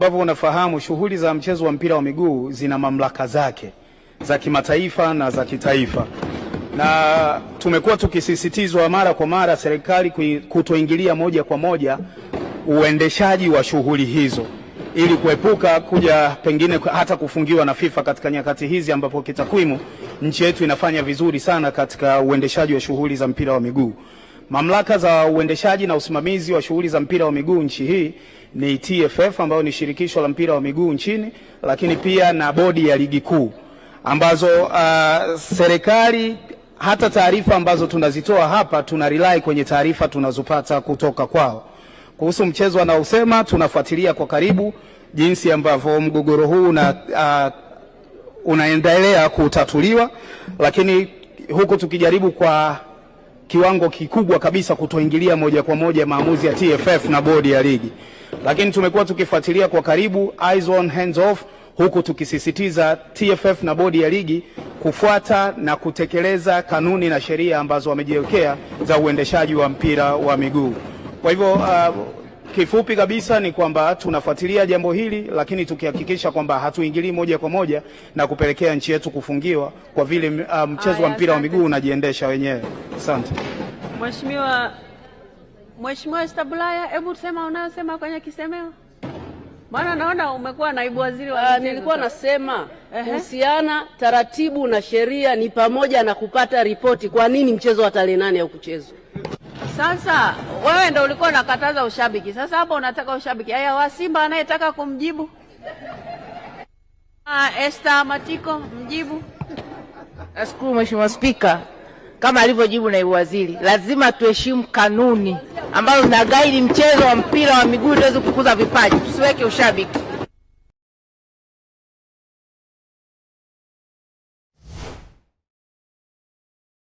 ambavyo unafahamu shughuli za mchezo wa mpira wa miguu zina mamlaka zake za kimataifa na za kitaifa, na tumekuwa tukisisitizwa mara kwa mara serikali kutoingilia moja kwa moja uendeshaji wa shughuli hizo ili kuepuka kuja pengine hata kufungiwa na FIFA katika nyakati hizi ambapo kitakwimu nchi yetu inafanya vizuri sana katika uendeshaji wa shughuli za mpira wa miguu. Mamlaka za uendeshaji na usimamizi wa shughuli za mpira wa miguu nchi hii ni TFF ambayo ni shirikisho la mpira wa miguu nchini, lakini pia na bodi ya ligi kuu ambazo uh, serikali hata taarifa ambazo tunazitoa hapa tuna rely kwenye taarifa tunazopata kutoka kwao. Kuhusu mchezo wanaosema, tunafuatilia kwa karibu jinsi ambavyo mgogoro huu una, uh, unaendelea kutatuliwa, lakini huku tukijaribu kwa kiwango kikubwa kabisa kutoingilia moja kwa moja maamuzi ya TFF na bodi ya ligi, lakini tumekuwa tukifuatilia kwa karibu, eyes on hands off, huku tukisisitiza TFF na bodi ya ligi kufuata na kutekeleza kanuni na sheria ambazo wamejiwekea za uendeshaji wa mpira wa miguu. Kwa hivyo uh, Kifupi kabisa ni kwamba tunafuatilia jambo hili, lakini tukihakikisha kwamba hatuingilii moja kwa moja na kupelekea nchi yetu kufungiwa kwa vile um, mchezo um, wa mpira wa miguu unajiendesha wenyewe. Asante Mheshimiwa. Mheshimiwa Stabulaya, hebu sema unayosema kwenye kisemeo, maana naona umekuwa naibu waziri wa. Ah, nilikuwa nasema kuhusiana taratibu na sheria ni pamoja na kupata ripoti, kwa nini mchezo wa tarehe nane haukuchezwa. Sasa wewe ndo ulikuwa unakataza ushabiki, sasa hapa unataka ushabiki. Haya, wa Simba anayetaka kumjibu ah, Esther Matiko mjibu. Nashukuru Mheshimiwa Spika, kama alivyojibu naibu waziri, lazima tuheshimu kanuni ambazo zina gaidi mchezo wa mpira wa miguu tuweze kukuza vipaji, tusiweke ushabiki.